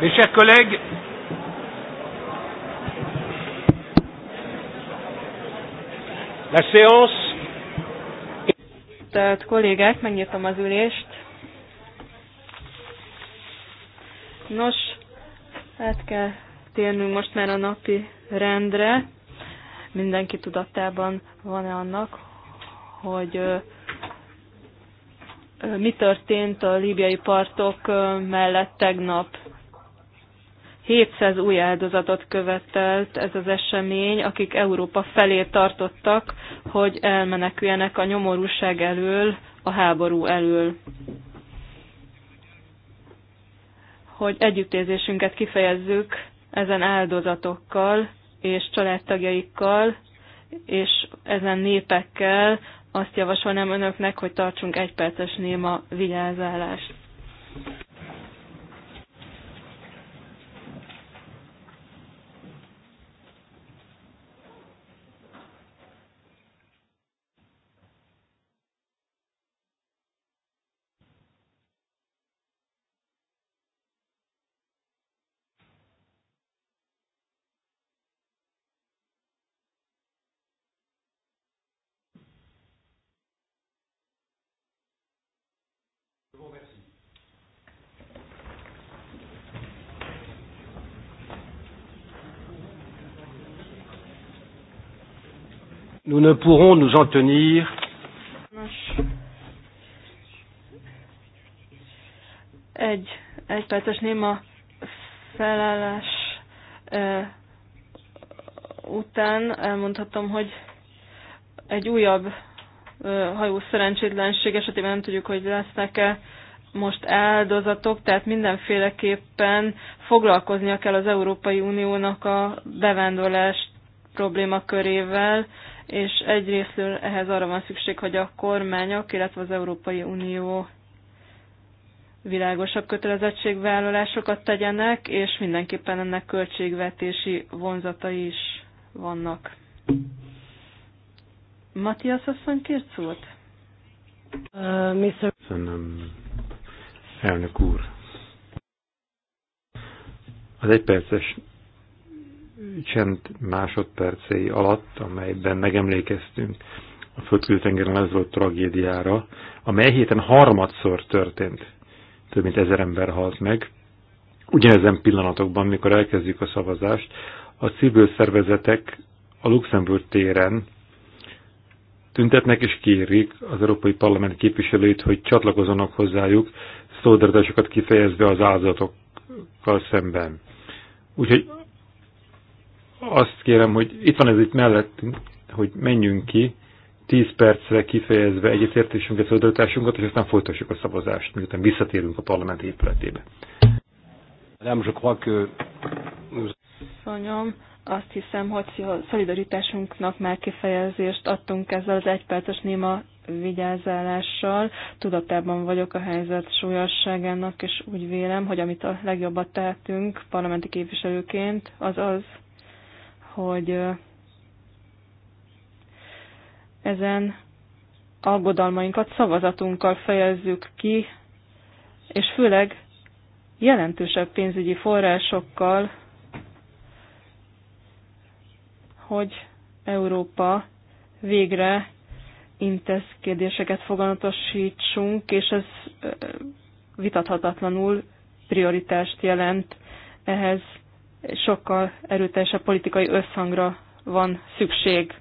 Mes chers collègues, la séance. Tehát kollégák, megnyitom az ülést. Nos, át kell térnünk most már a napi rendre. Mindenki tudatában van-e annak, hogy mi történt a líbiai partok mellett tegnap 700 új áldozatot követelt ez az esemény, akik Európa felé tartottak, hogy elmeneküljenek a nyomorúság elől, a háború elől. Hogy együttérzésünket kifejezzük ezen áldozatokkal és családtagjaikkal, és ezen népekkel, azt javasolnám önöknek, hogy tartsunk egy perces néma vigyázálást. nous ne pourrons nous en tenir egy egy perces néma felállás e, után elmondhatom, hogy egy újabb e, hajó szerencsétlenség esetében nem tudjuk, hogy lesznek-e most áldozatok, tehát mindenféleképpen foglalkoznia kell az Európai Uniónak a bevándorlás problémakörével, és egyrésztről ehhez arra van szükség, hogy a kormányok, illetve az Európai Unió világosabb kötelezettségvállalásokat tegyenek, és mindenképpen ennek költségvetési vonzatai is vannak. Matthias asszony kért szót? Uh, Köszönöm, elnök úr. Az egyperces csend másodpercei alatt, amelyben megemlékeztünk a földkörültengeren lezolt tragédiára, amely héten harmadszor történt. Több mint ezer ember halt meg. Ugyanezen pillanatokban, mikor elkezdjük a szavazást, a civil szervezetek a Luxemburg téren tüntetnek és kérik az Európai Parlament képviselőit, hogy csatlakozzanak hozzájuk, szolidaritásokat kifejezve az áldozatokkal szemben. Úgyhogy azt kérem, hogy itt van ez itt mellettünk, hogy menjünk ki, 10 percre kifejezve egyetértésünket, szolidaritásunkat, és aztán folytassuk a szavazást, miután visszatérünk a parlament épületébe. Nem, je crois Szonyom, azt hiszem, hogy a szolidaritásunknak már kifejezést adtunk ezzel az egyperces néma vigyázálással. Tudatában vagyok a helyzet súlyosságának, és úgy vélem, hogy amit a legjobbat tehetünk parlamenti képviselőként, az az, hogy ezen aggodalmainkat szavazatunkkal fejezzük ki, és főleg jelentősebb pénzügyi forrásokkal, hogy Európa végre intézkedéseket foganatosítsunk, és ez vitathatatlanul prioritást jelent ehhez sokkal erőteljesebb politikai összhangra van szükség.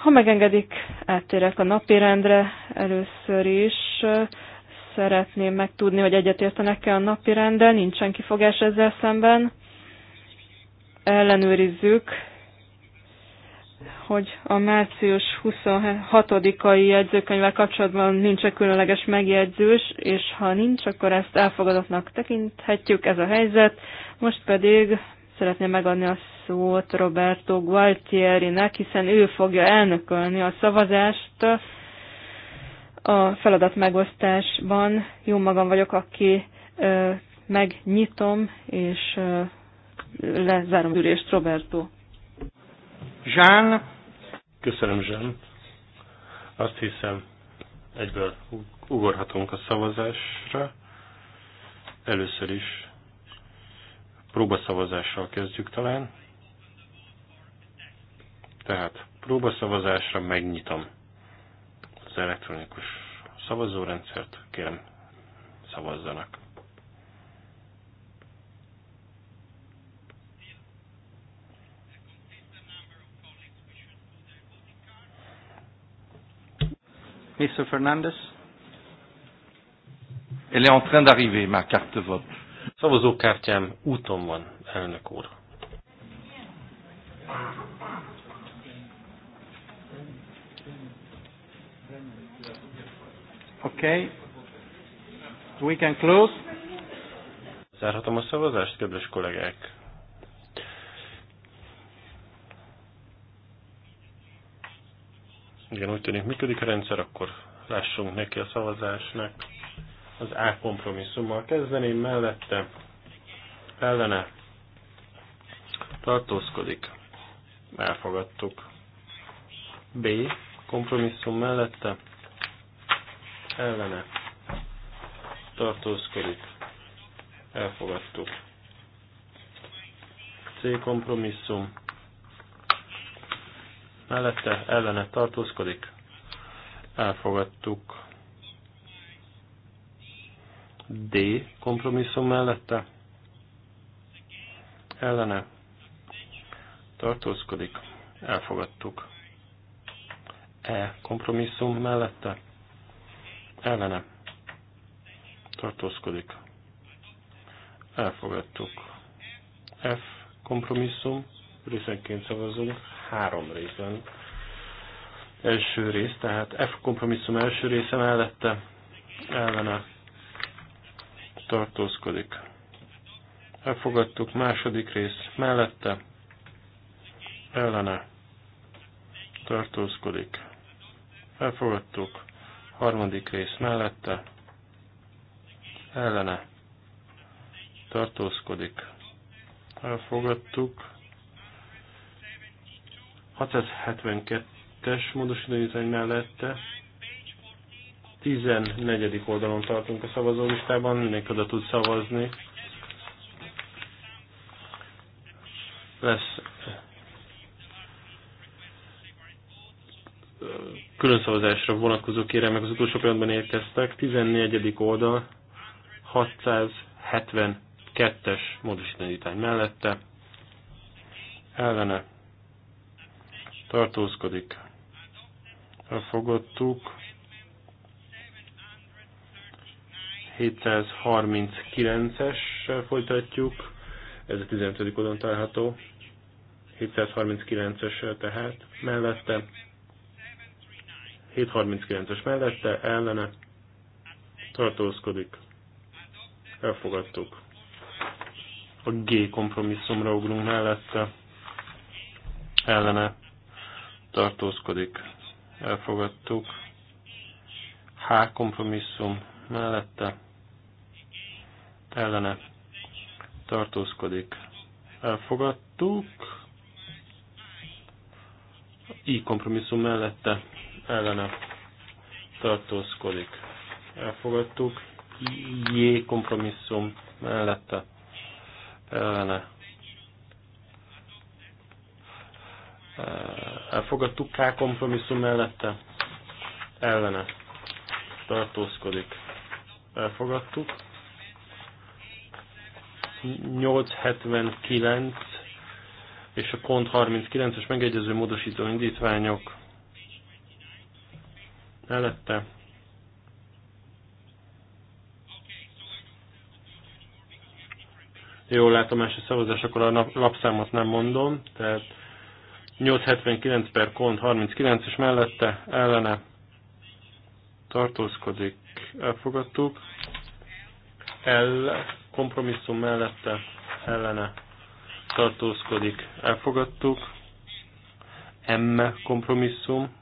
Ha megengedik, áttérek a napirendre először is. Szeretném megtudni, hogy egyetértenek-e a rendel, nincsen kifogás ezzel szemben. Ellenőrizzük hogy a március 26-ai jegyzőkönyvvel kapcsolatban nincs különleges megjegyzős, és ha nincs, akkor ezt elfogadottnak tekinthetjük, ez a helyzet. Most pedig szeretném megadni a szót Roberto Gualtierinek, hiszen ő fogja elnökölni a szavazást a feladat megosztásban. Jó magam vagyok, aki megnyitom és lezárom ürést, Roberto. Jean. Köszönöm, Jean. Azt hiszem, egyből ugorhatunk a szavazásra. Először is próbaszavazással kezdjük talán. Tehát próbaszavazásra megnyitom az elektronikus szavazórendszert, kérem szavazzanak. Mr. Fernandez. Elle est en train d'arriver, ma carte de vote. Szavazókártyám úton van, elnök úr. Okay. We can close. Zárhatom a szavazást, kedves kollégák. Igen, úgy tűnik működik a rendszer, akkor lássunk neki a szavazásnak. Az A kompromisszummal kezdeném, mellette ellene tartózkodik. Elfogadtuk. B kompromisszum mellette ellene tartózkodik. Elfogadtuk. C kompromisszum mellette ellene tartózkodik. Elfogadtuk. D kompromisszum mellette ellene tartózkodik. Elfogadtuk. E kompromisszum mellette ellene tartózkodik. Elfogadtuk. F kompromisszum, részenként szavazunk három részben. Első rész, tehát F kompromisszum első része mellette ellene tartózkodik. Elfogadtuk második rész mellette ellene tartózkodik. Elfogadtuk harmadik rész mellette ellene tartózkodik. Elfogadtuk 672-es módosítóítani mellette 14. oldalon tartunk a szavazólistában, mindenki oda tud szavazni. Lesz külön szavazásra vonatkozó kérelmek az utolsó pillanatban érkeztek. 14. oldal 672-es módosítanítány mellette ellene tartózkodik. Elfogadtuk. 739-essel folytatjuk, ez a 15. odon található. 739-essel tehát mellette. 739-es mellette, ellene tartózkodik. Elfogadtuk. A G kompromisszumra ugrunk mellette, ellene tartózkodik, elfogadtuk. H kompromisszum mellette, ellene tartózkodik, elfogadtuk. I kompromisszum mellette, ellene tartózkodik, elfogadtuk. J kompromisszum mellette, ellene elfogadtuk K kompromisszum mellette, ellene tartózkodik, elfogadtuk. 879 és a kont 39-es megegyező módosító indítványok mellette Jól látom, első a szavazás, akkor a lapszámot nem mondom, tehát 879 per kont 39 és mellette ellene tartózkodik. Elfogadtuk. L kompromisszum mellette ellene tartózkodik. Elfogadtuk. M kompromisszum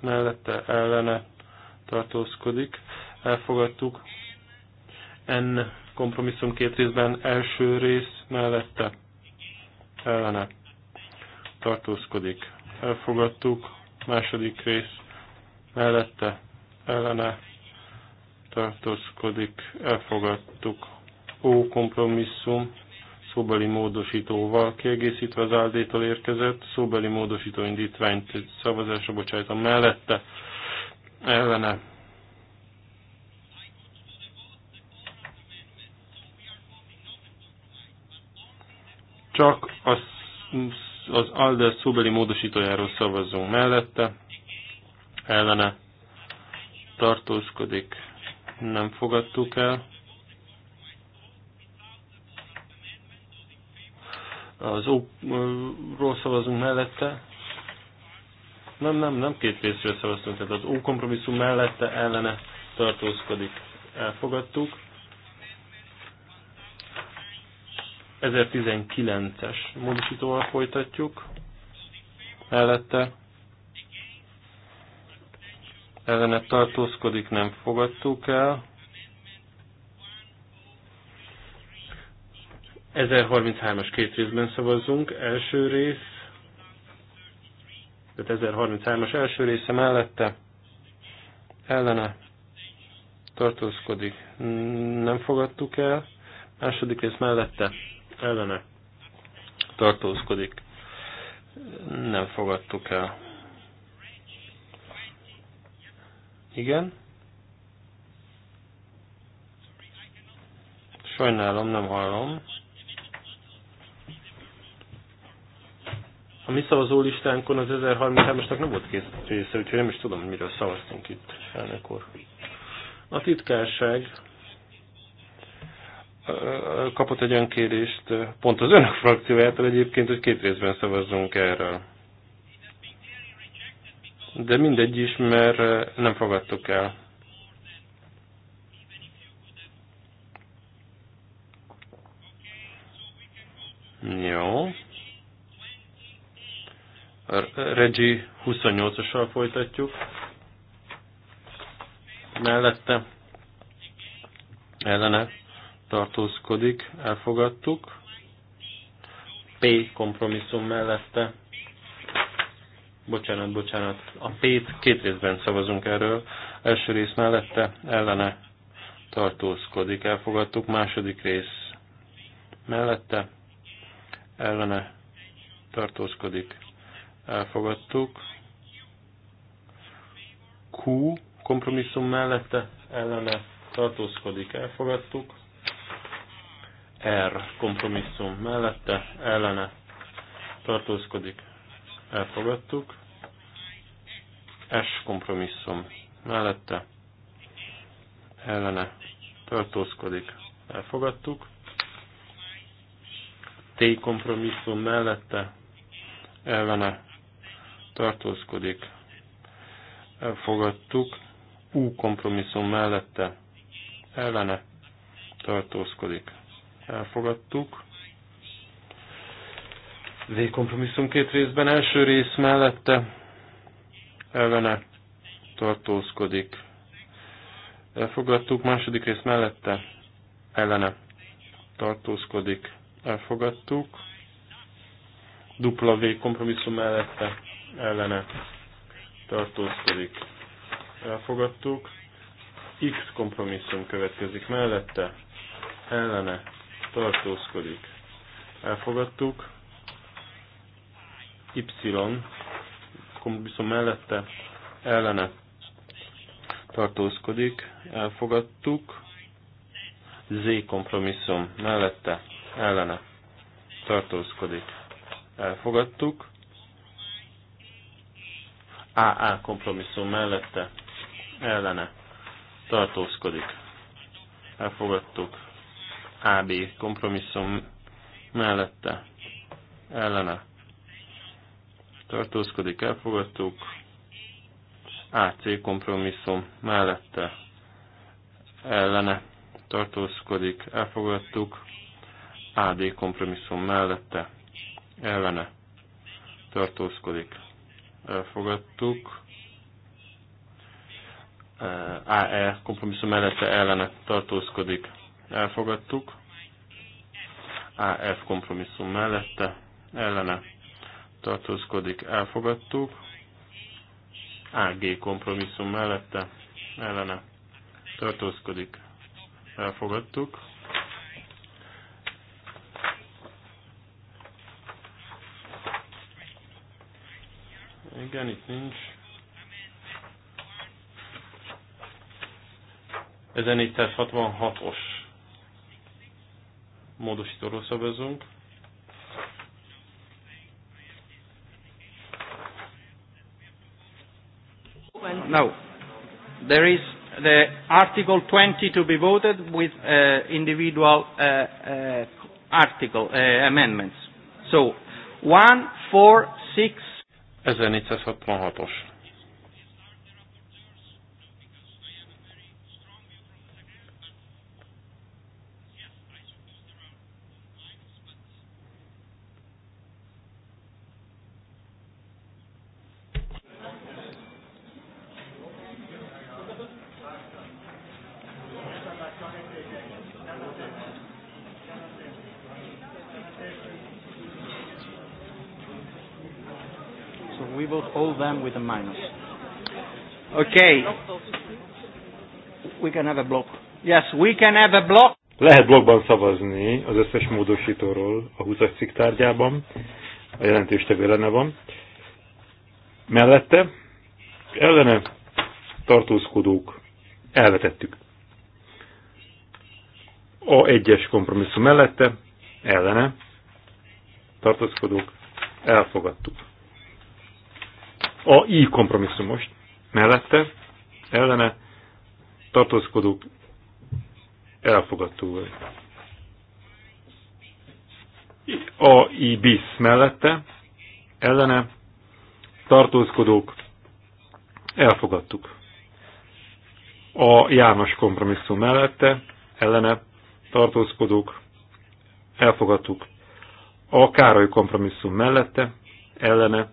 mellette ellene tartózkodik. Elfogadtuk. N kompromisszum két részben első rész mellette ellene tartózkodik, elfogadtuk, második rész mellette, ellene tartózkodik, elfogadtuk, ó kompromisszum, szóbeli módosítóval kiegészítve az áldétól érkezett, szóbeli módosító indítványt szavazásra bocsájtom mellette, ellene csak a az ALDE szóbeli módosítójáról szavazzunk mellette, ellene tartózkodik, nem fogadtuk el. Az O-ról szavazunk mellette, nem, nem, nem két részről szavaztunk, tehát az O kompromisszum mellette ellene tartózkodik, elfogadtuk. 2019 es módosítóval folytatjuk. Mellette ellene tartózkodik, nem fogadtuk el. 1033-as két részben szavazzunk. Első rész, tehát 1033-as első része mellette ellene tartózkodik. Nem fogadtuk el. Második rész mellette ellene tartózkodik. Nem fogadtuk el. Igen. Sajnálom, nem hallom. A mi listánkon az 1033-asnak nem volt kész része, úgyhogy nem is tudom, miről szavaztunk itt, elnök úr. A titkárság kapott egy kérést, pont az önök frakciójától egyébként, hogy két részben szavazzunk erről. De mindegy is, mert nem fogadtuk el. Jó. Regi 28 assal folytatjuk. Mellette. Ellene tartózkodik, elfogadtuk. P kompromisszum mellette, bocsánat, bocsánat, a P-t két részben szavazunk erről, első rész mellette ellene tartózkodik, elfogadtuk, második rész mellette ellene tartózkodik, elfogadtuk. Q kompromisszum mellette ellene tartózkodik, elfogadtuk. R kompromisszum mellette ellene tartózkodik, elfogadtuk. S kompromisszum mellette ellene tartózkodik, elfogadtuk. T kompromisszum mellette ellene tartózkodik, elfogadtuk. U kompromisszum mellette ellene tartózkodik, elfogadtuk. Végkompromisszum két részben, első rész mellette ellene tartózkodik. Elfogadtuk, második rész mellette ellene tartózkodik. Elfogadtuk. Dupla végkompromisszum mellette ellene tartózkodik. Elfogadtuk. X kompromisszum következik mellette, ellene tartózkodik. Elfogadtuk. Y viszont mellette ellene tartózkodik. Elfogadtuk. Z kompromisszum mellette ellene tartózkodik. Elfogadtuk. AA kompromisszum mellette ellene tartózkodik. Elfogadtuk. AB kompromisszum mellette ellene tartózkodik, elfogadtuk. AC kompromisszum mellette ellene tartózkodik, elfogadtuk. AD kompromisszum mellette ellene tartózkodik, elfogadtuk. AE kompromisszum mellette ellene tartózkodik, elfogadtuk. AF kompromisszum mellette ellene tartózkodik, elfogadtuk. AG kompromisszum mellette ellene tartózkodik, elfogadtuk. Igen, itt nincs. 1466-os módosítóról szavazunk. No. There is the Article 20 to be voted with uh, individual uh, uh, article uh, amendments. So, 1, 4, 6. 1466-os with a minus. Okay. We can have a block. Yes, we can have a block. Lehet blogban szavazni az összes módosítóról a 20-as cikk tárgyában. A jelentéstevő ellene van. Mellette ellene tartózkodók elvetettük. A egyes kompromisszum mellette ellene tartózkodók elfogadtuk. A I kompromisszumos mellette ellene tartózkodók elfogadó. A I bis mellette ellene tartózkodók elfogadtuk. A János kompromisszum mellette ellene tartózkodók elfogadtuk. A Károly kompromisszum mellette ellene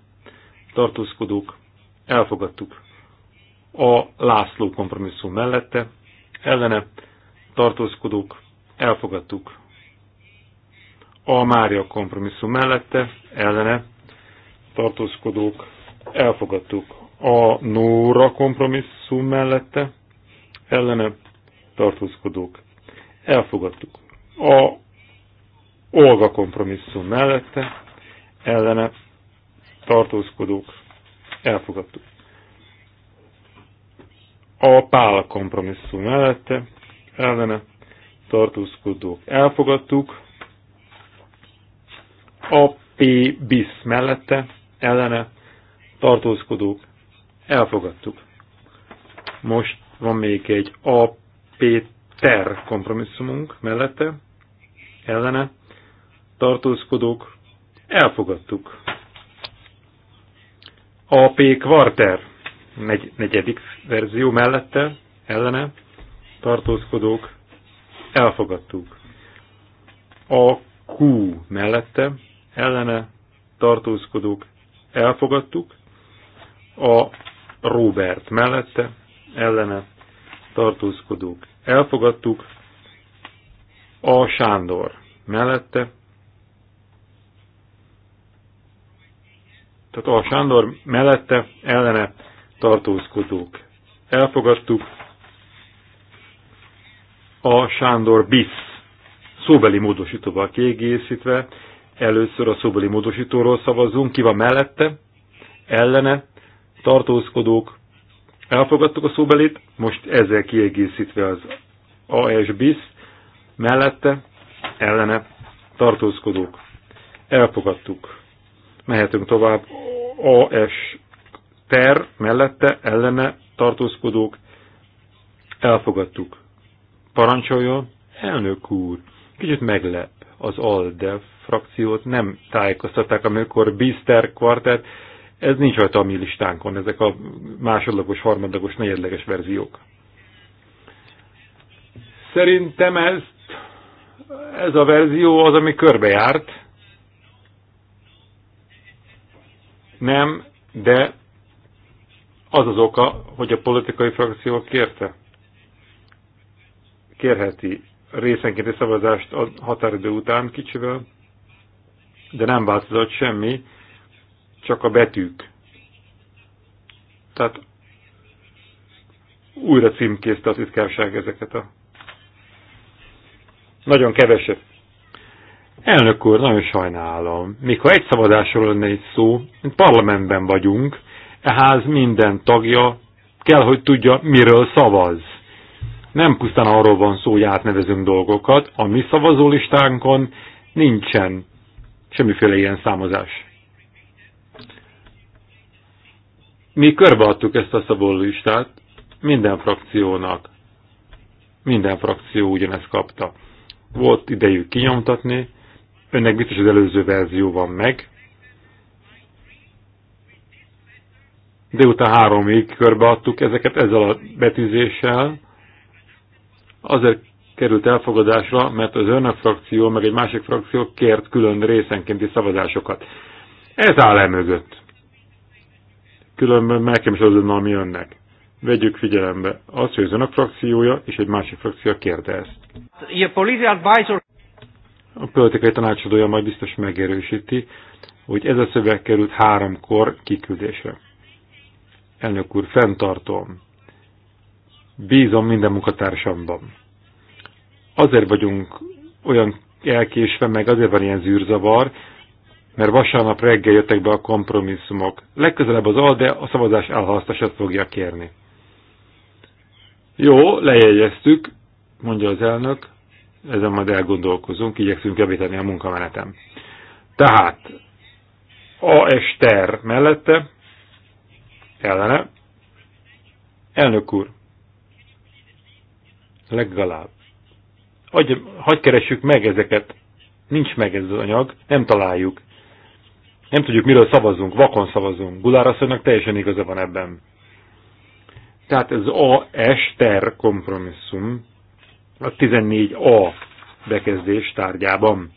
tartózkodók, elfogadtuk. A László kompromisszum mellette, ellene tartózkodók, elfogadtuk. A Mária kompromisszum mellette, ellene tartózkodók, elfogadtuk. A Nóra kompromisszum mellette, ellene tartózkodók, elfogadtuk. A Olga kompromisszum mellette, ellene tartózkodók, elfogadtuk. A pál kompromisszum mellette, ellene, tartózkodók, elfogadtuk. A P bis mellette, ellene, tartózkodók, elfogadtuk. Most van még egy A P ter kompromisszumunk mellette, ellene, tartózkodók, elfogadtuk. AP Quarter negy, negyedik verzió mellette, ellene tartózkodók elfogadtuk. A Q mellette, ellene tartózkodók elfogadtuk. A Robert mellette, ellene tartózkodók elfogadtuk. A Sándor mellette, Tehát a Sándor mellette ellene tartózkodók. Elfogadtuk a Sándor Bisz szóbeli módosítóval kiegészítve. Először a szóbeli módosítóról szavazunk, ki van mellette, ellene, tartózkodók. Elfogadtuk a szóbelit, most ezzel kiegészítve az AS BIS, mellette, ellene, tartózkodók. Elfogadtuk. Mehetünk tovább. AS per mellette ellene tartózkodók elfogadtuk. Parancsoljon, elnök úr, kicsit meglep az ALDE frakciót, nem tájékoztatták, amikor Bister kvartett, ez nincs rajta a mi listánkon, ezek a másodlagos, harmadlagos, negyedleges verziók. Szerintem ezt, ez a verzió az, ami körbejárt, Nem, de az az oka, hogy a politikai frakció kérte. Kérheti részenkénti szavazást a határidő után kicsivel, de nem változott semmi, csak a betűk. Tehát újra címkézte a titkárság ezeket a... Nagyon keveset Elnök úr, nagyon sajnálom. Még ha egy szavazásról lenne egy szó, parlamentben vagyunk, e ház minden tagja kell, hogy tudja, miről szavaz. Nem pusztán arról van szó, hogy átnevezünk dolgokat, a mi szavazólistánkon nincsen semmiféle ilyen számozás. Mi körbeadtuk ezt a szavazólistát minden frakciónak. Minden frakció ugyanezt kapta. Volt idejük kinyomtatni, Önnek biztos az előző verzió van meg. de három háromig körbeadtuk ezeket ezzel a betűzéssel. Azért került elfogadásra, mert az önök frakció, meg egy másik frakció kért külön részenkénti szavazásokat. Ez áll el mögött. Különben nekem is azonnal mi önnek. Vegyük figyelembe azt, hogy az önök frakciója és egy másik frakció kérte ezt. A politikai tanácsadója majd biztos megerősíti, hogy ez a szöveg került háromkor kiküldésre. Elnök úr, fenntartom. Bízom minden munkatársamban. Azért vagyunk olyan elkésve, meg azért van ilyen zűrzavar, mert vasárnap reggel jöttek be a kompromisszumok. Legközelebb az ALDE a szavazás elhalasztását fogja kérni. Jó, lejegyeztük, mondja az elnök ezen majd elgondolkozunk, igyekszünk javítani a munkamenetem. Tehát a Ester mellette ellene elnök úr legalább Agy, hagy keressük meg ezeket nincs meg ez az anyag, nem találjuk nem tudjuk miről szavazunk, vakon szavazunk Gulár asszonynak teljesen igaza van ebben tehát ez a Ester kompromisszum a 14a bekezdés tárgyában.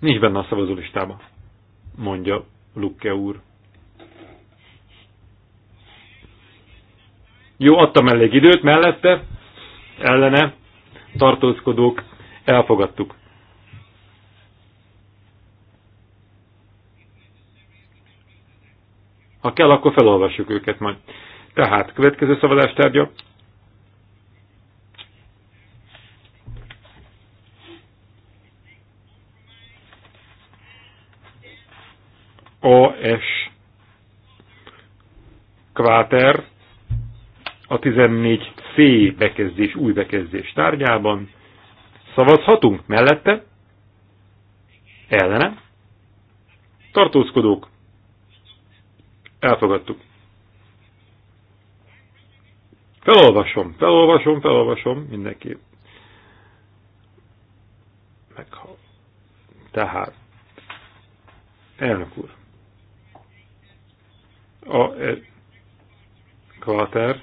Nincs benne a szavazólistában, mondja Lukke úr. Jó, adtam elég időt mellette, ellene, tartózkodók, elfogadtuk. Ha kell, akkor felolvassuk őket majd. Tehát, következő szavazástárgya, AS kváter a 14C bekezdés, új bekezdés tárgyában. Szavazhatunk mellette? Ellene? Tartózkodók? Elfogadtuk. Felolvasom, felolvasom, felolvasom mindenki. Meghal. Tehát, elnök úr, a Kvater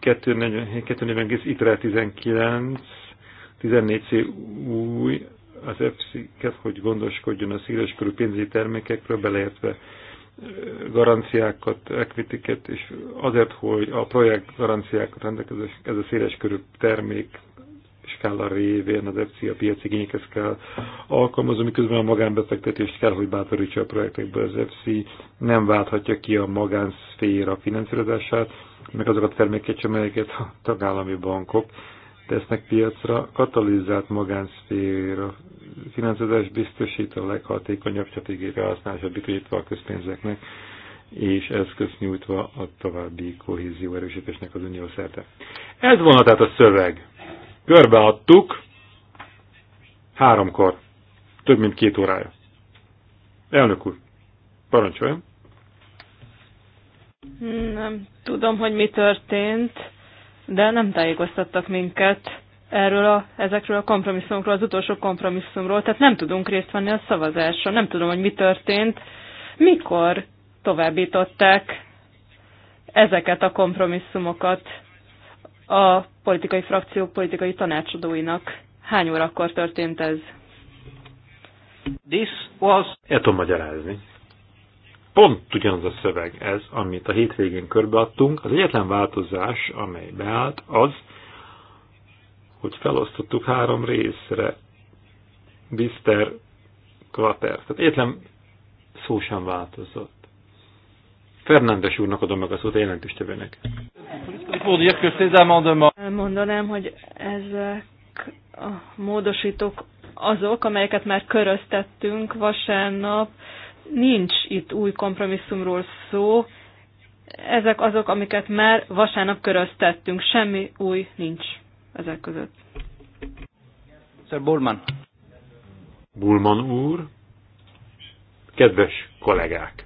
240 ITRE 19, 14C új, az efsz hogy gondoskodjon a körű pénzügyi termékekről, beleértve e, garanciákat, ekvitiket, és azért, hogy a projekt garanciákat rendelkezik, ez a széles körű termék skála révén az EFSI a piaci igényekhez kell alkalmazni, miközben a magánbefektetést kell, hogy bátorítsa a projektekbe. Az EFSI nem válthatja ki a magánszféra finanszírozását, meg azokat a termékeket sem, amelyeket a tagállami bankok tesznek piacra. Katalizált magánszféra finanszírozás biztosít a leghatékonyabb stratégiai felhasználása biztosítva a közpénzeknek és eszközt nyújtva a további kohézió erősítésnek az unió szerte. Ez volna tehát a szöveg. Körbeadtuk háromkor, több mint két órája. Elnök úr, parancsoljon. Nem tudom, hogy mi történt, de nem tájékoztattak minket erről a, ezekről a kompromisszumokról, az utolsó kompromisszumról, tehát nem tudunk részt venni a szavazásra, nem tudom, hogy mi történt, mikor továbbították ezeket a kompromisszumokat a politikai frakciók politikai tanácsadóinak. Hány órakor történt ez? This was... El tudom magyarázni. Pont ugyanaz a szöveg ez, amit a hétvégén körbeadtunk. Az egyetlen változás, amely beállt, az, hogy felosztottuk három részre Mr. Quater. Tehát egyetlen szó sem változott. Fernándes úrnak adom meg a szót a jelentéstevőnek. Mondanám, hogy ezek a módosítók azok, amelyeket már köröztettünk vasárnap. Nincs itt új kompromisszumról szó. Ezek azok, amiket már vasárnap köröztettünk. Semmi új nincs ezek között. Sir Bullman. Bullman úr, kedves kollégák!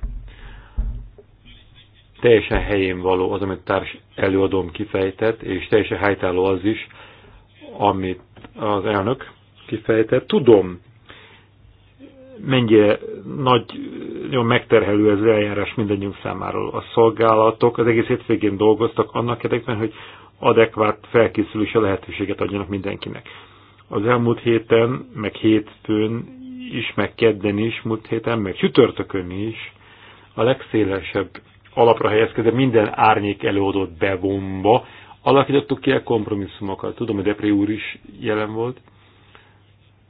teljesen helyén való az, amit társ előadóm kifejtett, és teljesen helytálló az is, amit az elnök kifejtett. Tudom, mennyire nagy, nagyon megterhelő ez az eljárás mindannyiunk számára. A szolgálatok az egész hétvégén dolgoztak annak érdekben, hogy adekvát felkészülési lehetőséget adjanak mindenkinek. Az elmúlt héten, meg hétfőn is, meg kedden is, múlt héten, meg csütörtökön is a legszélesebb alapra helyezkedve minden árnyék előadott bevonva, alakítottuk ki a kompromisszumokat. Tudom, hogy Depré úr is jelen volt,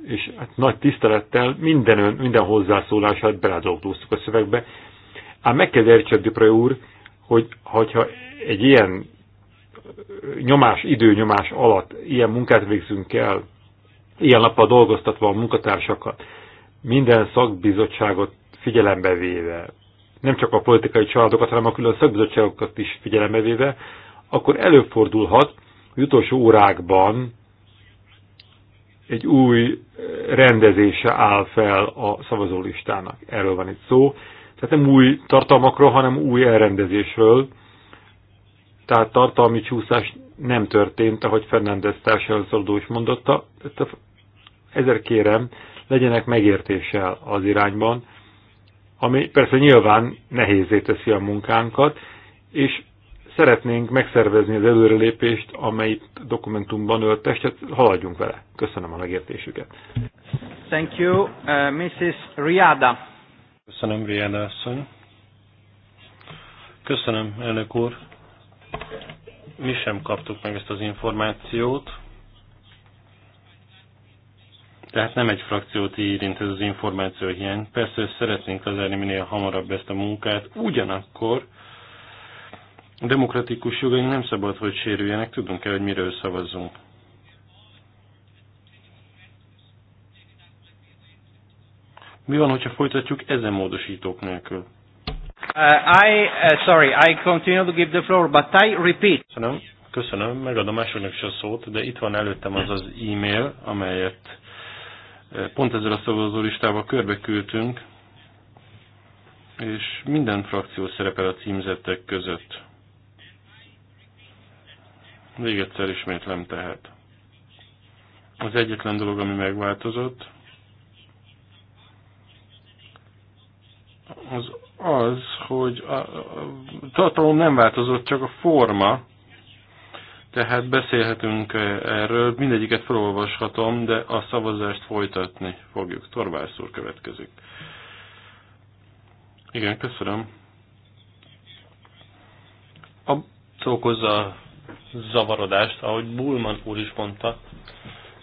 és hát nagy tisztelettel minden, ön, minden hozzászólását beledolgóztuk a szövegbe. Ám meg kell értsen Depré úr, hogy ha egy ilyen nyomás, időnyomás alatt ilyen munkát végzünk el, ilyen nappal dolgoztatva a munkatársakat, minden szakbizottságot figyelembe véve, nem csak a politikai családokat, hanem a külön szakbizottságokat is figyelembe véve, akkor előfordulhat, hogy utolsó órákban egy új eh, rendezése áll fel a szavazólistának. Erről van itt szó. Tehát nem új tartalmakról, hanem új elrendezésről. Tehát tartalmi csúszás nem történt, ahogy Fernández társadalmi is mondotta. Ezért kérem, legyenek megértéssel az irányban, ami persze nyilván nehézé teszi a munkánkat, és szeretnénk megszervezni az előrelépést, amely dokumentumban ölt testet, haladjunk vele. Köszönöm a megértésüket. Thank you, uh, Mrs. Riada. Köszönöm, Riada asszony. Köszönöm, elnök úr. Mi sem kaptuk meg ezt az információt. Tehát nem egy frakciót érint ez az információhiány. Persze szeretnénk lezárni minél hamarabb ezt a munkát, ugyanakkor a demokratikus jogaink nem szabad, hogy sérüljenek, tudunk kell, hogy miről szavazzunk. Mi van, hogyha folytatjuk ezen módosítók nélkül? Uh, I, uh, sorry, I continue to give the floor, but I repeat. Köszönöm, köszönöm, megadom másoknak is a szót, de itt van előttem az az e-mail, amelyet pont ezzel a szavazólistával körbe küldtünk, és minden frakció szerepel a címzettek között. Még egyszer ismétlem tehát. Az egyetlen dolog, ami megváltozott, az az, hogy a tartalom nem változott, csak a forma, tehát beszélhetünk eh, erről, mindegyiket felolvashatom, de a szavazást folytatni fogjuk. Torvász úr következik. Igen, köszönöm. A okozza zavarodást, ahogy Bulman úr is mondta,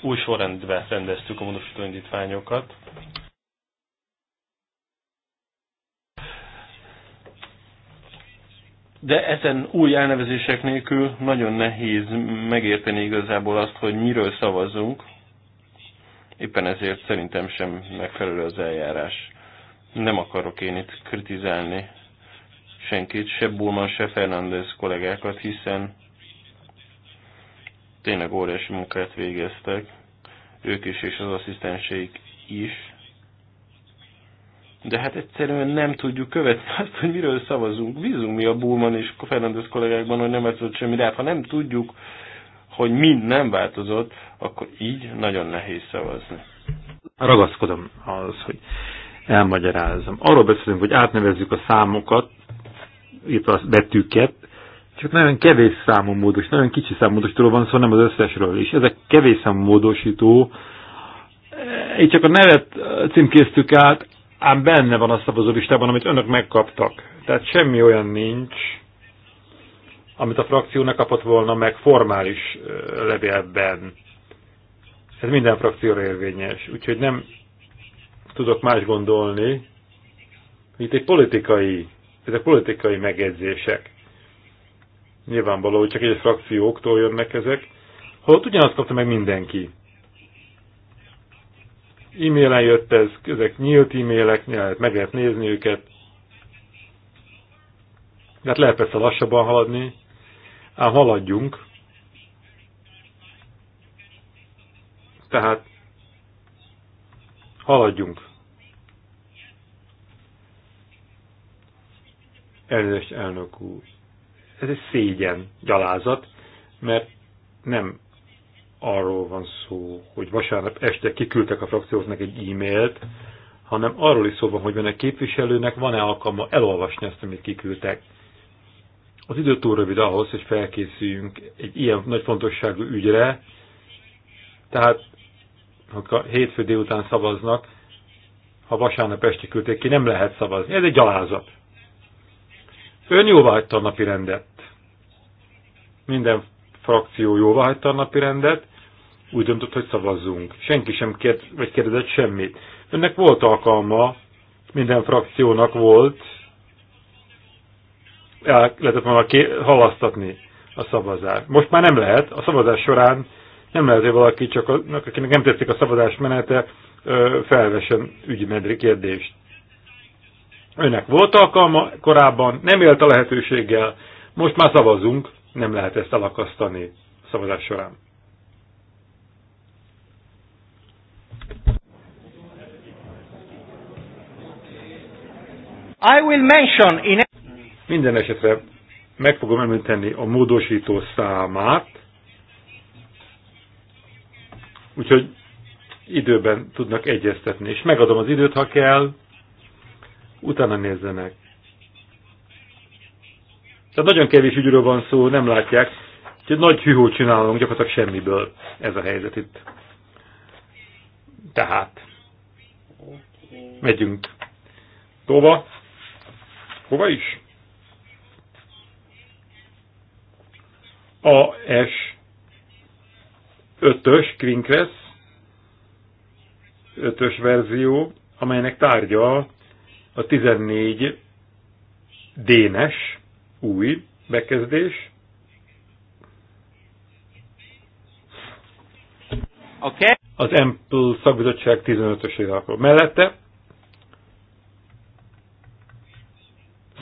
új sorrendbe rendeztük a módosító indítványokat. de ezen új elnevezések nélkül nagyon nehéz megérteni igazából azt, hogy miről szavazunk. Éppen ezért szerintem sem megfelelő az eljárás. Nem akarok én itt kritizálni senkit, se Bulman, se Fernández kollégákat, hiszen tényleg óriási munkát végeztek, ők is és az asszisztenseik is de hát egyszerűen nem tudjuk követni azt, hogy miről szavazunk. Bízunk mi a Bulman és Fernandez kollégákban, hogy nem változott semmi, de hát ha nem tudjuk, hogy mind nem változott, akkor így nagyon nehéz szavazni. Ragaszkodom az, hogy elmagyarázom. Arról beszélünk, hogy átnevezzük a számokat, itt a betűket, csak nagyon kevés számú módos, nagyon kicsi számú módosítóról van szó, nem az összesről is. Ezek kevés számú módosító, én csak a nevet címkéztük át, ám benne van a szavazólistában, amit önök megkaptak. Tehát semmi olyan nincs, amit a frakció ne kapott volna meg formális levélben. Ez minden frakcióra érvényes, úgyhogy nem tudok más gondolni, hogy itt egy politikai, ezek politikai megjegyzések. Nyilvánvaló, hogy csak egy frakcióktól jönnek ezek, holott ugyanazt kapta meg mindenki. E-mailen jött ez, ezek nyílt e-mailek, meg lehet nézni őket. De hát lehet persze lassabban haladni, ám haladjunk. Tehát haladjunk. elnök úr. Ez egy szégyen, gyalázat, mert nem arról van szó, hogy vasárnap este kiküldtek a frakcióznak egy e-mailt, hanem arról is szó van, hogy benne képviselőnek van-e alkalma elolvasni azt, amit kiküldtek. Az idő túl rövid ahhoz, hogy felkészüljünk egy ilyen nagy fontosságú ügyre, tehát ha hétfő délután szavaznak, ha vasárnap este küldték ki, nem lehet szavazni. Ez egy gyalázat. Ön jóváhagyta a napi rendet. Minden frakció jóváhagyta a napi rendet, úgy döntött, hogy szavazzunk. Senki sem kérd, vagy kérdezett semmit. Önnek volt alkalma, minden frakciónak volt, el lehetett volna halasztatni a szavazást. Most már nem lehet, a szavazás során nem lehet, hogy valaki csak, a, akinek nem tetszik a szavazás menete, felvesen ügymedri kérdést. Önnek volt alkalma korábban, nem élt a lehetőséggel, most már szavazunk, nem lehet ezt elakasztani a szavazás során. I will mention in... Minden esetre meg fogom említeni a módosító számát, úgyhogy időben tudnak egyeztetni, és megadom az időt, ha kell, utána nézzenek. Tehát nagyon kevés ügyről van szó, nem látják, úgyhogy nagy hűhót csinálunk gyakorlatilag semmiből ez a helyzet itt. Tehát, megyünk. Tova. Hova is? AS 5-ös Krinkresz 5-ös verzió, amelynek tárgya a 14 dénes új bekezdés. Okay. Az Ample szakbizottság 15 ös akkor mellette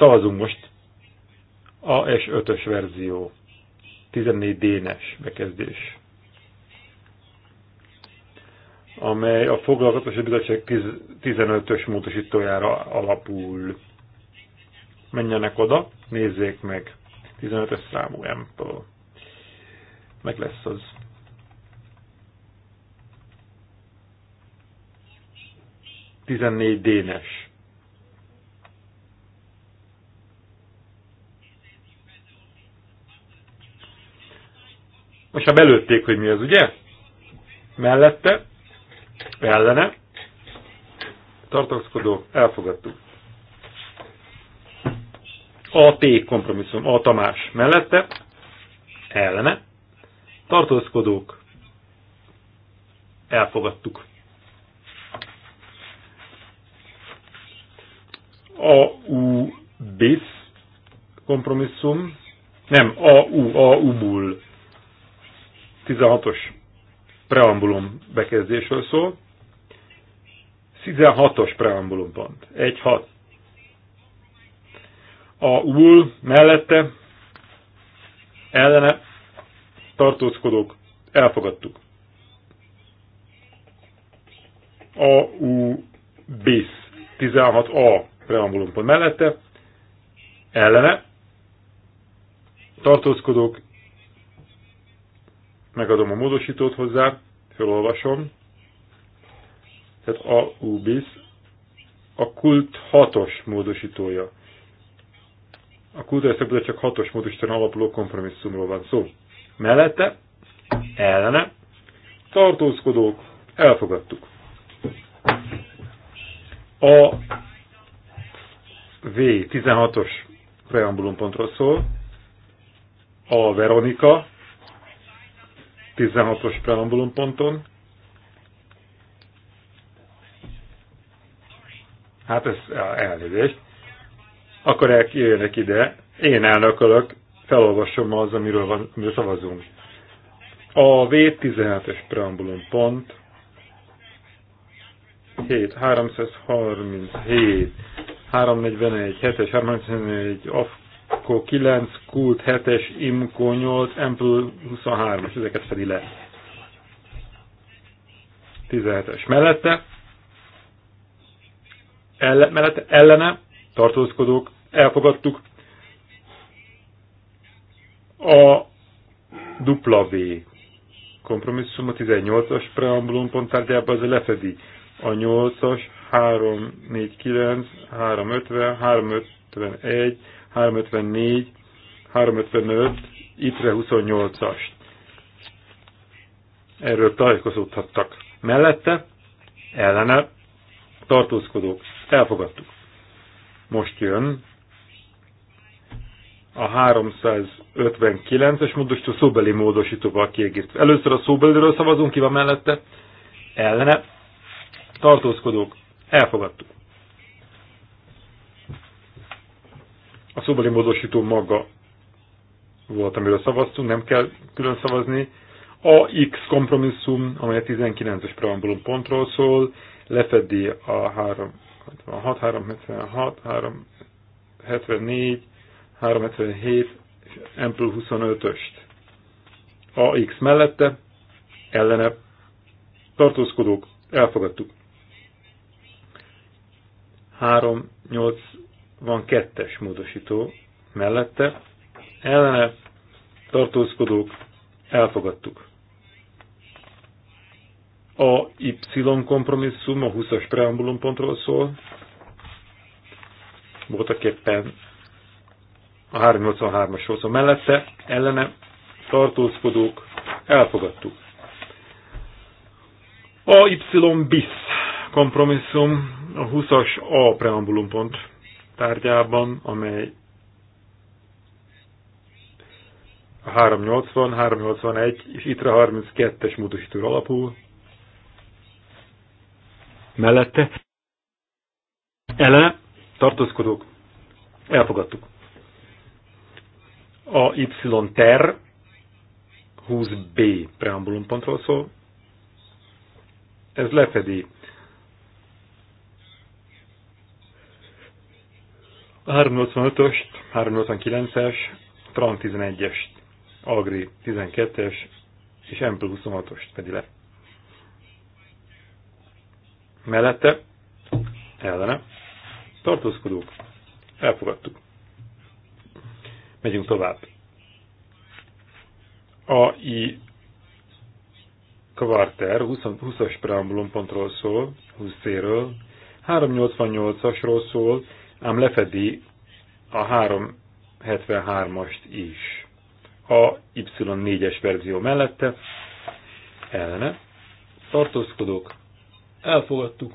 Szavazunk most AS5-ös verzió, 14 dénes bekezdés, amely a Foglalkoztatási Bizottság 15-ös módosítójára alapul. Menjenek oda, nézzék meg. 15-ös számú m Meg lesz az. Tizennégy dénes. Most már belőtték, hogy mi az, ugye? Mellette, ellene, tartózkodó, elfogadtuk. A T kompromisszum, A Tamás mellette, ellene, tartózkodók, elfogadtuk. A U BIS kompromisszum, nem, A U, A U BUL 16-os preambulum bekezdésről szól. 16-os preambulum pont. 1-6. A UL mellette ellene tartózkodók elfogadtuk. A U bis 16A preambulum pont mellette ellene tartózkodók megadom a módosítót hozzá, felolvasom. Tehát a UBIS a kult hatos módosítója. A kult kultúrszakból csak hatos módosítóan alapuló kompromisszumról van szó. Mellette, ellene, tartózkodók, elfogadtuk. A V 16-os preambulumpontról szól, a Veronika 16-os preambulum ponton. Hát ez elnézést. Akkor eljönnek ide. Én elnökölök, felolvasom az, amiről, van, amiről szavazunk. A V17-es preambulum pont 7, 337, 341, 7-es, 341, AFKO 9, KULT 7-es, IMKO 8, MPL 23-as, ezeket fedi le. 17-es mellette, ellen, mellette ellene tartózkodók, elfogadtuk. A dupla V kompromisszum a 18-as preambulum pont tárgyában az lefedi a 8-as 3, 3, 4, 9, 349, 350, 51, 354, 355, ITRE 28-as. Erről tájékozódhattak. Mellette, ellene, tartózkodók. Elfogadtuk. Most jön a 359-es módosító szóbeli módosítóval kiegészítve. Először a szóbeliről szavazunk, ki van mellette? Ellene. Tartózkodók. Elfogadtuk. A szóbeli módosító maga volt, amiről szavaztunk, nem kell külön szavazni. A X kompromisszum, amely a 19-es preambulum pontról szól, lefedi a 366, 376, 374, 377 és M 25-öst. X mellette, ellene tartózkodók, elfogadtuk. 3, 8, van kettes módosító mellette, ellene tartózkodók elfogadtuk. A Y kompromisszum a 20-as preambulum pontról szól, voltak éppen a 383 as szó mellette, ellene tartózkodók elfogadtuk. A Y bis kompromisszum a 20-as A preambulum pont tárgyában, amely a 380, 381 és ITRA 32-es módosító alapul. Mellette ele tartózkodók elfogadtuk. A Y ter 20B preambulumpontról szól. Ez lefedi 385-öst, 389-es, Tran 11-est, Agri 12-es és M 26-ost fedi le. Mellette, ellene, tartózkodók, elfogadtuk. Megyünk tovább. AI Kvarter 20-as preambulum pontról szól, 20 C-ről, 388-asról szól, ám lefedi a 373-ast is. A Y4-es verzió mellette ellene tartózkodók elfogadtuk.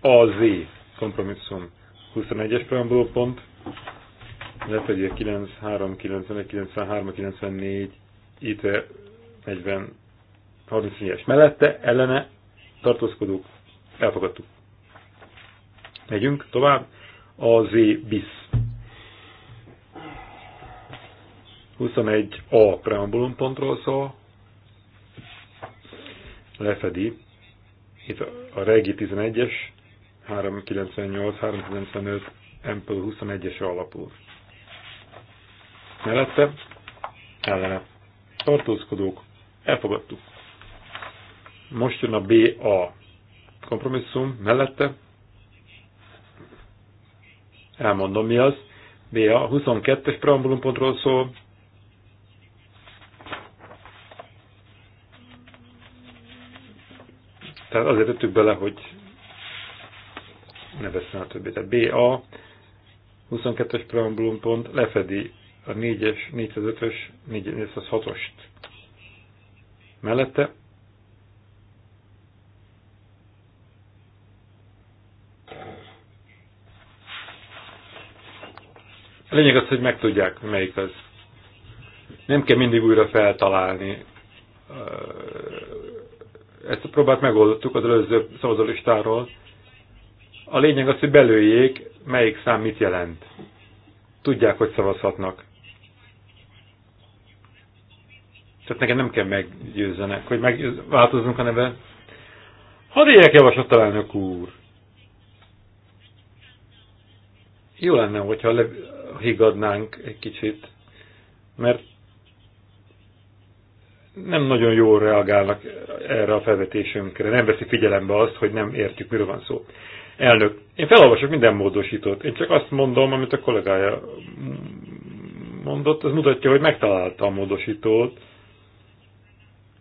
A Z kompromisszum 21-es preambuló pont lefedi a 93, 93, 94, itt 40, 34-es mellette, ellene tartózkodók elfogadtuk. Megyünk tovább. A Z bis. 21 a preambulum pontról szól. Lefedi. Itt a regi 11-es, 398, 395, Ample 21-es alapul. Mellette ellene tartózkodók, elfogadtuk. Most jön a BA kompromisszum, mellette Elmondom mi az. B. A 22-es preambulumpontról szól. Tehát azért tettük bele, hogy ne veszem a többit. Tehát BA 22-es preambulumpont lefedi a 4-es, 405-ös, 406-ost. Mellette lényeg az, hogy megtudják, melyik az. Nem kell mindig újra feltalálni. Ezt a próbát megoldottuk az előző szavazólistáról. A lényeg az, hogy belőjék, melyik szám mit jelent. Tudják, hogy szavazhatnak. Tehát nekem nem kell meggyőzzenek, hogy változunk a neve. Hadd éljek javaslott elnök úr! Jó lenne, hogyha higadnánk egy kicsit, mert nem nagyon jól reagálnak erre a felvetésünkre, nem veszi figyelembe azt, hogy nem értjük, miről van szó. Elnök, én felolvasok minden módosítót, én csak azt mondom, amit a kollégája mondott, az mutatja, hogy megtalálta a módosítót,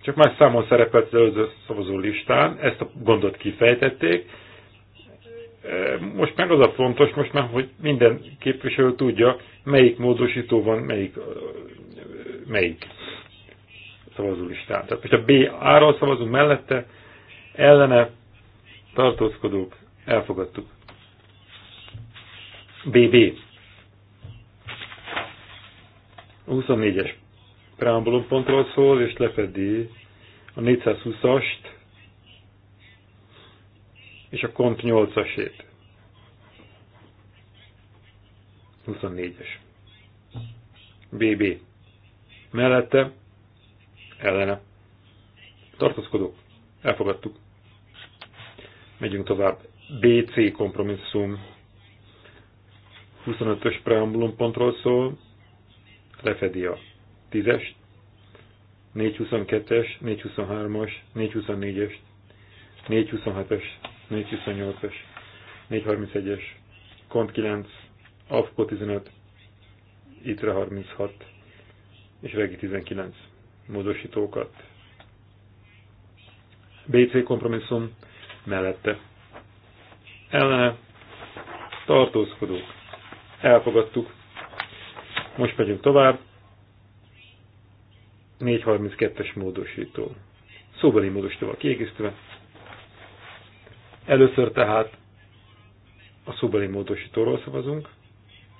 csak más számon szerepelt az előző szavazó listán, ezt a gondot kifejtették, most meg az a fontos, most már, hogy minden képviselő tudja, melyik módosító van, melyik, melyik szavazólistán. Tehát most a B Ára szavazunk mellette, ellene tartózkodók, elfogadtuk. BB. 24-es preambulum pontról szól, és lefedi a 420-ast, és a kont 8-asét. 24-es. BB. Mellette, ellene. tartozkodok Elfogadtuk. Megyünk tovább. BC kompromisszum. 25-ös preambulum pontról szól. Lefedi a 10-est, 422-es, 423-as, 424-es, 426-es, 428-es, 431-es, Kont 9, AFKO 15, ITRE 36 és REGI 19 módosítókat. BC kompromisszum mellette. Ellene tartózkodók. Elfogadtuk. Most megyünk tovább. 432-es módosító. Szóbeli módosítóval kiegészítve. Először tehát a szubeli módosítóról szavazunk,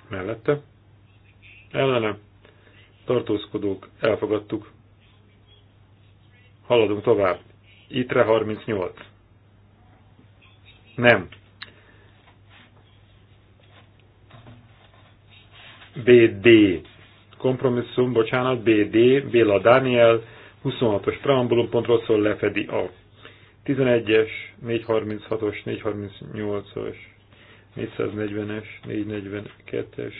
mellette. Ellene tartózkodók, elfogadtuk. Haladunk tovább. Itre 38. Nem. BD. Kompromisszum, bocsánat, BD, Béla Dániel, 26-os preambulumpontról szól lefedi a 11-es, 436-os, 438-os, 440-es, 442-es,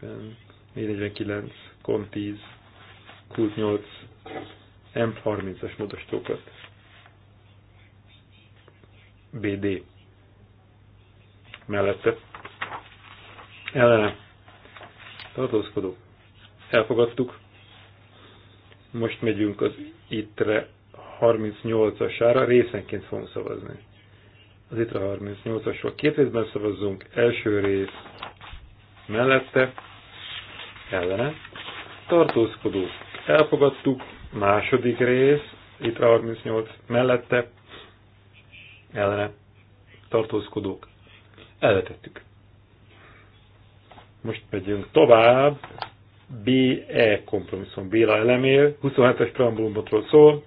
449, KON 10, KUT 8, M30-as módosítókat. BD. Mellette. Ellene. Tartózkodó. Elfogadtuk. Most megyünk az ittre 38-asára részenként fogunk szavazni. Az a 38-asról két részben szavazzunk, első rész mellette, ellene, tartózkodó, elfogadtuk, második rész, itt a 38 mellette, ellene, tartózkodók, elvetettük. Most megyünk tovább. BE kompromisszum Béla elemér, 27-es preambulumotról szól,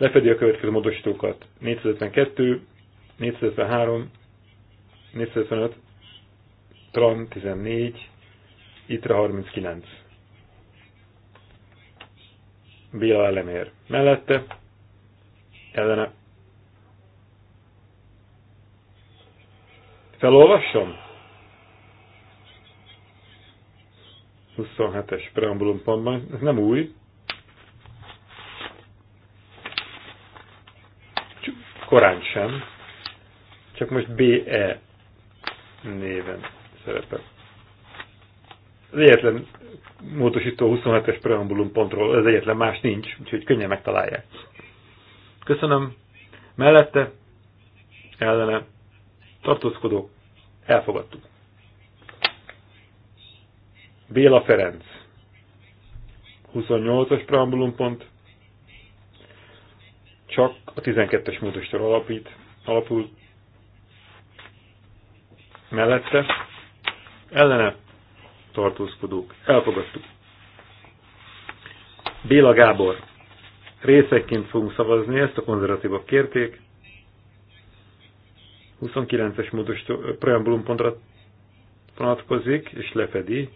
lefedi a következő módosítókat. 452, 453, 455, Tran 14, Itra 39. Béla elemér. Mellette, ellene. Felolvassam? 27-es preambulumpanban, ez nem új, korán sem, csak most BE néven szerepel. Az egyetlen módosító 27-es preambulum pontról, az egyetlen más nincs, úgyhogy könnyen megtalálják. Köszönöm. Mellette, ellene, tartózkodó, elfogadtuk. Béla Ferenc. 28-as preambulum pont csak a 12-es módostól alapít, alapul mellette ellene tartózkodók. Elfogadtuk. Béla Gábor. Részekként fogunk szavazni, ezt a konzervatívok kérték. 29-es módos preambulum pontra vonatkozik, és lefedi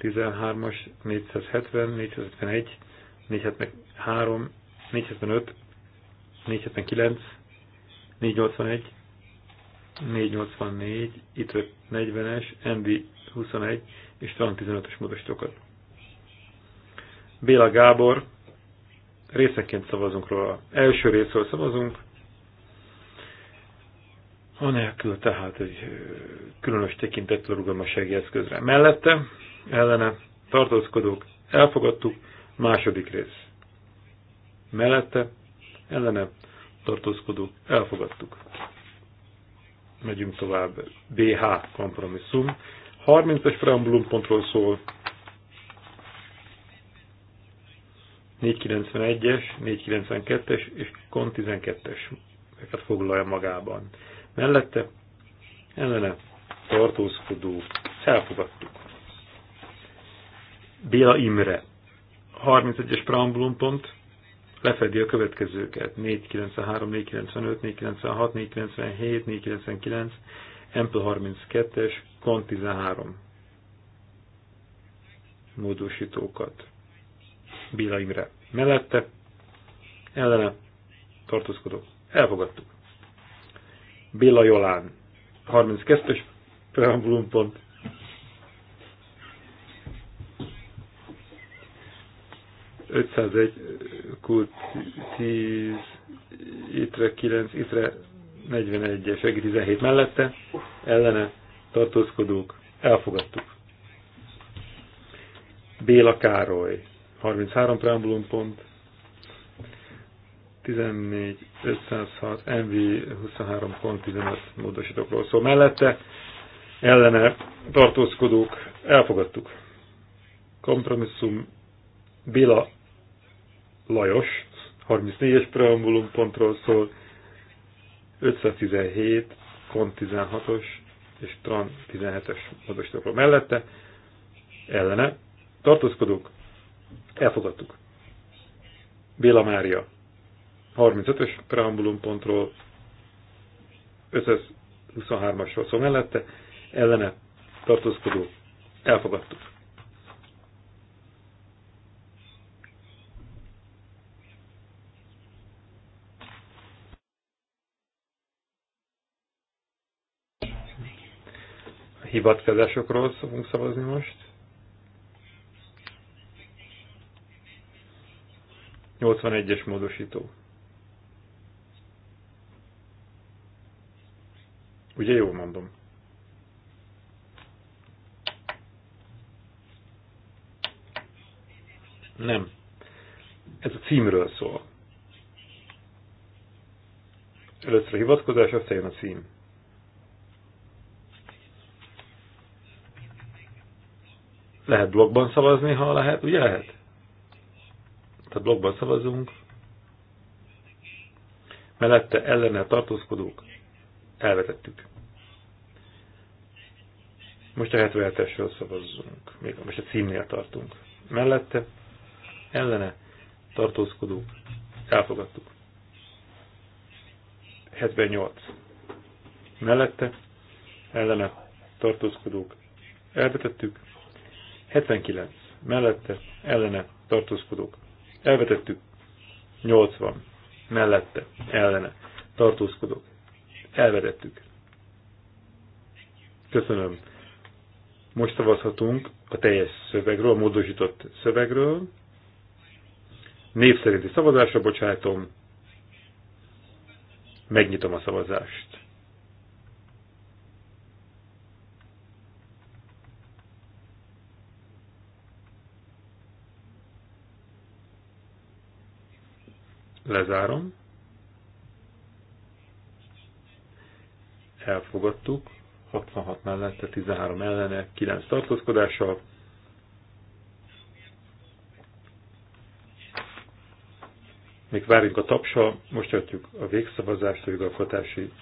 13-as 470, 451, 473, 475, 479, 481, 484, itt 40-es, Andy 21 és Trump 15-ös módosítókat. Béla Gábor, részeként szavazunk róla. Első részről szavazunk, anélkül tehát egy különös tekintettel rugalmassági eszközre. Mellette, ellene, tartózkodók, elfogadtuk, második rész. Mellette, ellene tartózkodó elfogadtuk. Megyünk tovább. BH kompromisszum. 30 es preambulum pontról szól. 491-es, 492-es és KON 12-es. Ezeket foglalja magában. Mellette ellene tartózkodó elfogadtuk. Béla Imre. 31-es preambulum pont lefedi a következőket. 493, 495, 496, 497, 499, Ample 32-es, Kon 13 módosítókat. Béla Imre mellette, ellene tartózkodók. Elfogadtuk. Béla Jolán, 32-es Ötszázegy, Kult 10, Itre 9, Itre 41-es, 17 mellette, ellene tartózkodók, elfogadtuk. Béla Károly, 33 preambulum pont, 14, 506, MV 23 pont 15 módosítókról szól mellette, ellene tartózkodók, elfogadtuk. Kompromisszum Béla Lajos, 34-es preambulum pontról szól, 517, kont 16-os és tran 17-es módosítókról mellette, ellene, tartózkodók, elfogadtuk. Béla Mária, 35-ös preambulum pontról, 523 asról szól mellette, ellene tartózkodó, elfogadtuk. hivatkozásokról fogunk szavazni most. 81-es módosító. Ugye jól mondom? Nem. Ez a címről szól. Először a hivatkozás, aztán jön a cím. Lehet blogban szavazni, ha lehet, ugye lehet? Tehát blogban szavazunk. Mellette ellene tartózkodók elvetettük. Most a 77-esről szavazzunk. Még most a címnél tartunk. Mellette ellene tartózkodók elfogadtuk. 78. Mellette ellene tartózkodók elvetettük. 79. Mellette, ellene, tartózkodók. Elvetettük. 80. Mellette, ellene, tartózkodók. Elvetettük. Köszönöm. Most szavazhatunk a teljes szövegről, a módosított szövegről. Név szerinti szavazásra bocsájtom. Megnyitom a szavazást. Lezárom. Elfogadtuk. 66 mellette, 13 ellene, 9 tartózkodással. Még várjuk a tapsa, most adjuk a végszavazást a jogalkotási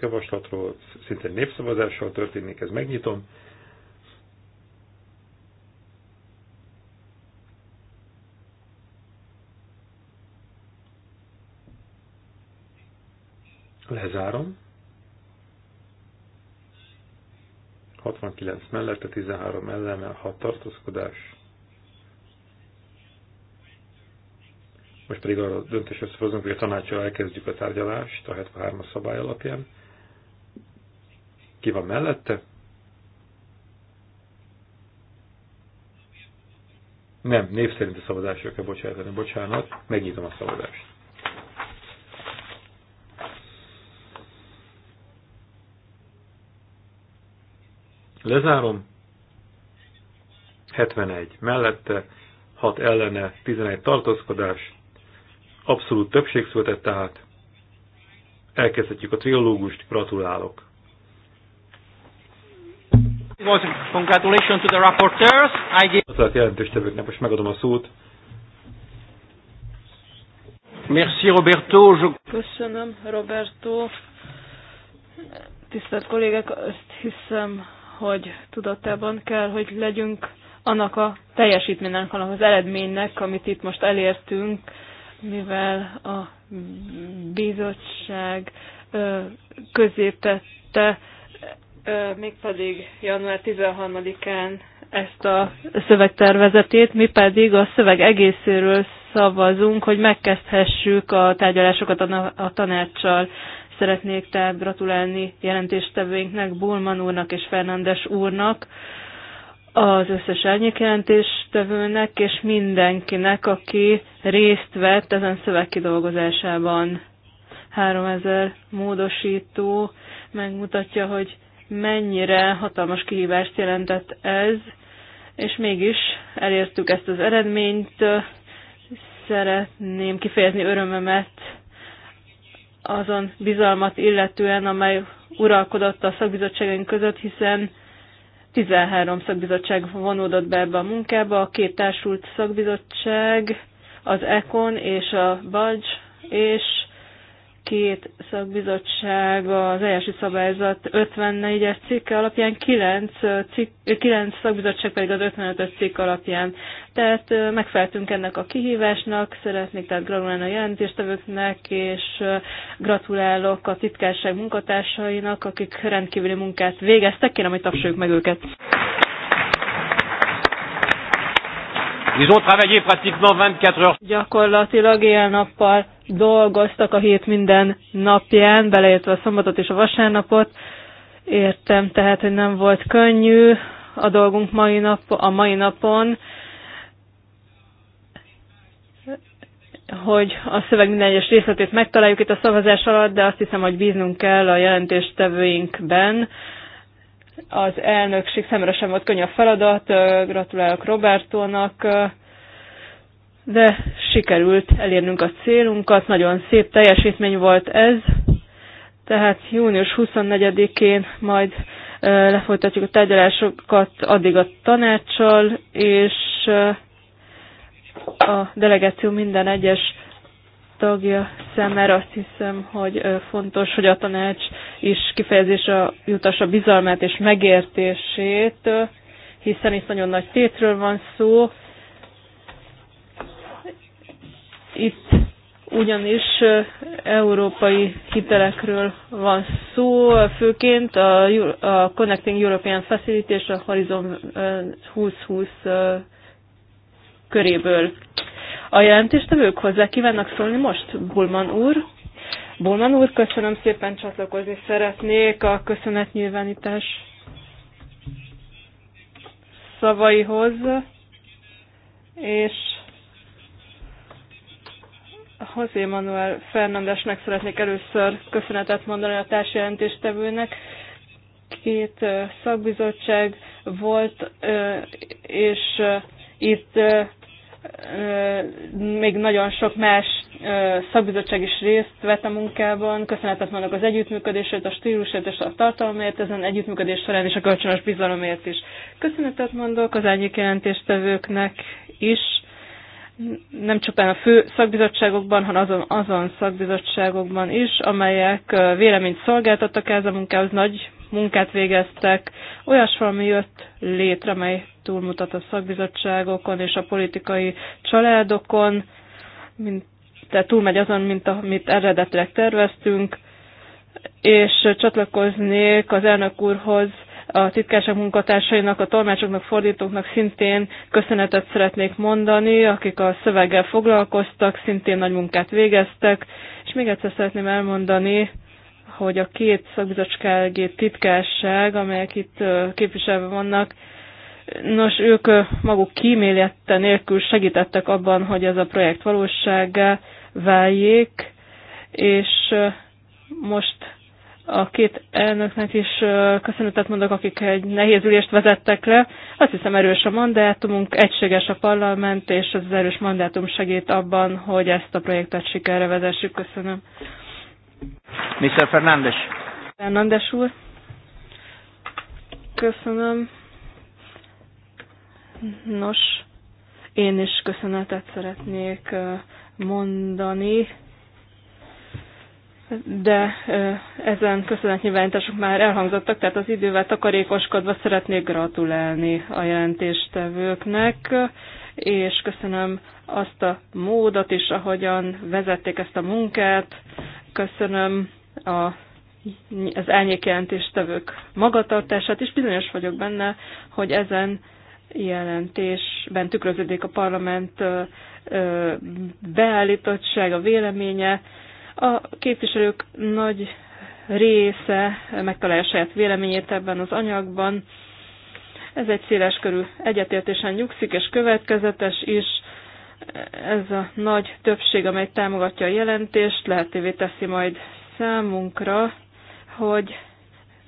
javaslatról, szinte népszavazással történik, ez megnyitom. Lezárom. 69 mellette, 13 a 6 tartózkodás. Most pedig arra döntés összehozunk, hogy a tanácsal elkezdjük a tárgyalást a 73-as szabály alapján. Ki van mellette? Nem, név szerint a szavazásra kell bocsátani. Bocsánat, megnyitom a szavazást. Lezárom. 71. Mellette 6 ellene 11 tartózkodás. Abszolút többség született tehát. Elkezdhetjük a triológust. Gratulálok. Congratulations to the rapporteurs. I give... a most megadom a szót. Merci Roberto. Je... Köszönöm Roberto. Tisztelt kollégák, azt hiszem, hogy tudatában kell, hogy legyünk annak a teljesítménynek, annak az eredménynek, amit itt most elértünk, mivel a bizottság középette mégpedig január 13-án ezt a szövegtervezetét, mi pedig a szöveg egészéről szavazunk, hogy megkezdhessük a tárgyalásokat a tanácssal. Szeretnék tehát gratulálni jelentéstevőinknek, Bulman úrnak és Fernandes úrnak, az összes jelentéstevőnek, és mindenkinek, aki részt vett ezen szöveg kidolgozásában. 3000 módosító megmutatja, hogy mennyire hatalmas kihívást jelentett ez, és mégis elértük ezt az eredményt. Szeretném kifejezni örömömet azon bizalmat illetően, amely uralkodott a szakbizottságaink között, hiszen 13 szakbizottság vonódott be ebbe a munkába, a két társult szakbizottság, az ECON és a BAGY, és két szakbizottság az eljárási szabályzat 54-es cikke alapján, 9, cikk, 9 szakbizottság pedig az 55-ös cikk alapján. Tehát megfeltünk ennek a kihívásnak, szeretnék tehát gratulálni a jelentéstevőknek, és gratulálok a titkárság munkatársainak, akik rendkívüli munkát végeztek, kérem, hogy tapsoljuk meg őket. Ils ont travaillé pratiquement 24 heures. Gyakorlatilag éjjel-nappal dolgoztak a hét minden napján, beleértve a szombatot és a vasárnapot. Értem tehát, hogy nem volt könnyű a dolgunk mai nap, a mai napon, hogy a szöveg minden egyes részletét megtaláljuk itt a szavazás alatt, de azt hiszem, hogy bíznunk kell a jelentéstevőinkben. Az elnökség szemre sem volt könnyű a feladat. Gratulálok Robertónak de sikerült elérnünk a célunkat, nagyon szép teljesítmény volt ez, tehát június 24-én majd lefolytatjuk a tárgyalásokat addig a tanácssal, és a delegáció minden egyes tagja számára azt hiszem, hogy fontos, hogy a tanács is kifejezésre jutassa bizalmát és megértését, hiszen itt nagyon nagy tétről van szó, Itt ugyanis európai hitelekről van szó, főként a, a Connecting European Facility és a Horizon 2020 köréből. A jelentéstevők hozzá kívánnak szólni most, Bulman úr. Bulman úr, köszönöm szépen, csatlakozni szeretnék a köszönetnyilvánítás szavaihoz, és José Manuel Fernandesnek szeretnék először köszönetet mondani a társjelentéstevőnek. Két szakbizottság volt, és itt még nagyon sok más szakbizottság is részt vett a munkában. Köszönetet mondok az együttműködésért, a stílusért és a tartalomért, ezen együttműködés során és a kölcsönös bizalomért is. Köszönetet mondok az árnyék jelentéstevőknek is, nem csupán a fő szakbizottságokban, hanem azon, azon szakbizottságokban is, amelyek véleményt szolgáltattak ez a munkához, nagy munkát végeztek. valami jött létre, mely túlmutat a szakbizottságokon és a politikai családokon, mint, tehát túlmegy azon, mint amit eredetileg terveztünk, és csatlakoznék az elnök úrhoz, a titkások munkatársainak, a tolmácsoknak, fordítóknak szintén köszönetet szeretnék mondani, akik a szöveggel foglalkoztak, szintén nagy munkát végeztek, és még egyszer szeretném elmondani, hogy a két szakbizottsági titkásság, amelyek itt képviselve vannak, nos, ők maguk kímélette nélkül segítettek abban, hogy ez a projekt valósággá váljék, és most a két elnöknek is köszönetet mondok, akik egy nehéz ülést vezettek le. Azt hiszem erős a mandátumunk, egységes a parlament, és ez az erős mandátum segít abban, hogy ezt a projektet sikerre vezessük. Köszönöm. Mr. Fernández. Fernández úr. Köszönöm. Nos, én is köszönetet szeretnék mondani de ezen köszönetnyilvánítások már elhangzottak, tehát az idővel takarékoskodva szeretnék gratulálni a jelentéstevőknek, és köszönöm azt a módot is, ahogyan vezették ezt a munkát, köszönöm a, az elnyék jelentéstevők magatartását, és bizonyos vagyok benne, hogy ezen jelentésben tükröződik a parlament beállítottsága, véleménye, a képviselők nagy része megtalálja saját véleményét ebben az anyagban. Ez egy körű egyetértésen nyugszik és következetes is. Ez a nagy többség, amely támogatja a jelentést, lehetővé teszi majd számunkra, hogy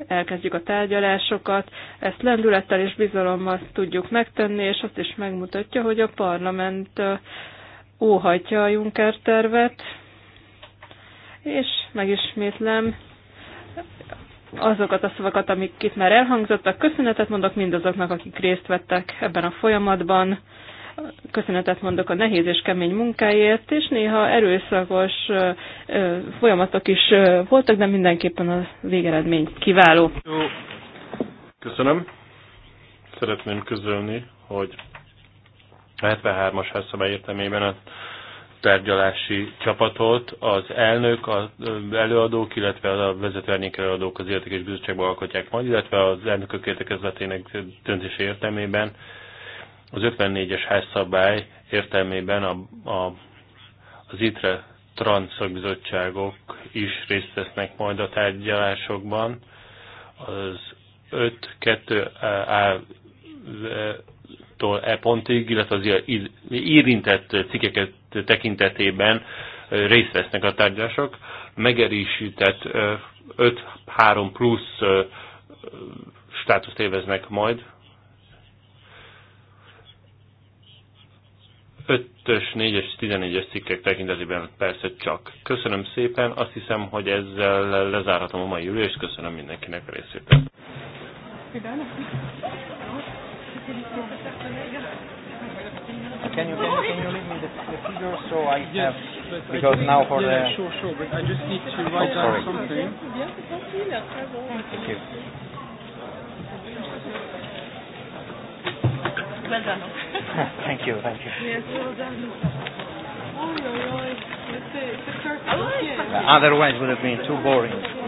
elkezdjük a tárgyalásokat, ezt lendülettel és bizalommal tudjuk megtenni, és azt is megmutatja, hogy a parlament óhajtja a Juncker tervet, és megismétlem azokat a szavakat, amik itt már elhangzottak. Köszönetet mondok mindazoknak, akik részt vettek ebben a folyamatban. Köszönetet mondok a nehéz és kemény munkáért, és néha erőszakos folyamatok is voltak, de mindenképpen a végeredmény kiváló. Jó. Köszönöm. Szeretném közölni, hogy a 73-as házszabály értelmében a tárgyalási csapatot az elnök, az előadók, illetve a vezető előadók az értékes bizottságban alkotják majd, illetve az elnökök értekezletének döntése értelmében az 54-es házszabály értelmében a, a, az ITRE transzakbizottságok is részt vesznek majd a tárgyalásokban. Az 5-2 tól e pontig, illetve az érintett cikkeket tekintetében részt vesznek a tárgyalások. Megerősített 5-3 plusz státuszt élveznek majd. 5-ös, 4-es, 14-es cikkek tekintetében persze csak. Köszönöm szépen, azt hiszem, hogy ezzel lezárhatom a mai ülést, köszönöm mindenkinek a részét. Köszönöm can you can you, can you leave me the, the figures so I yes, have because I now for yeah, the sure sure but I just need to write oh, down something. Thank you. Well done. thank you, thank you. Yes, well done. Oh, no, no, it's, it's, it's the Otherwise, it would have been too boring.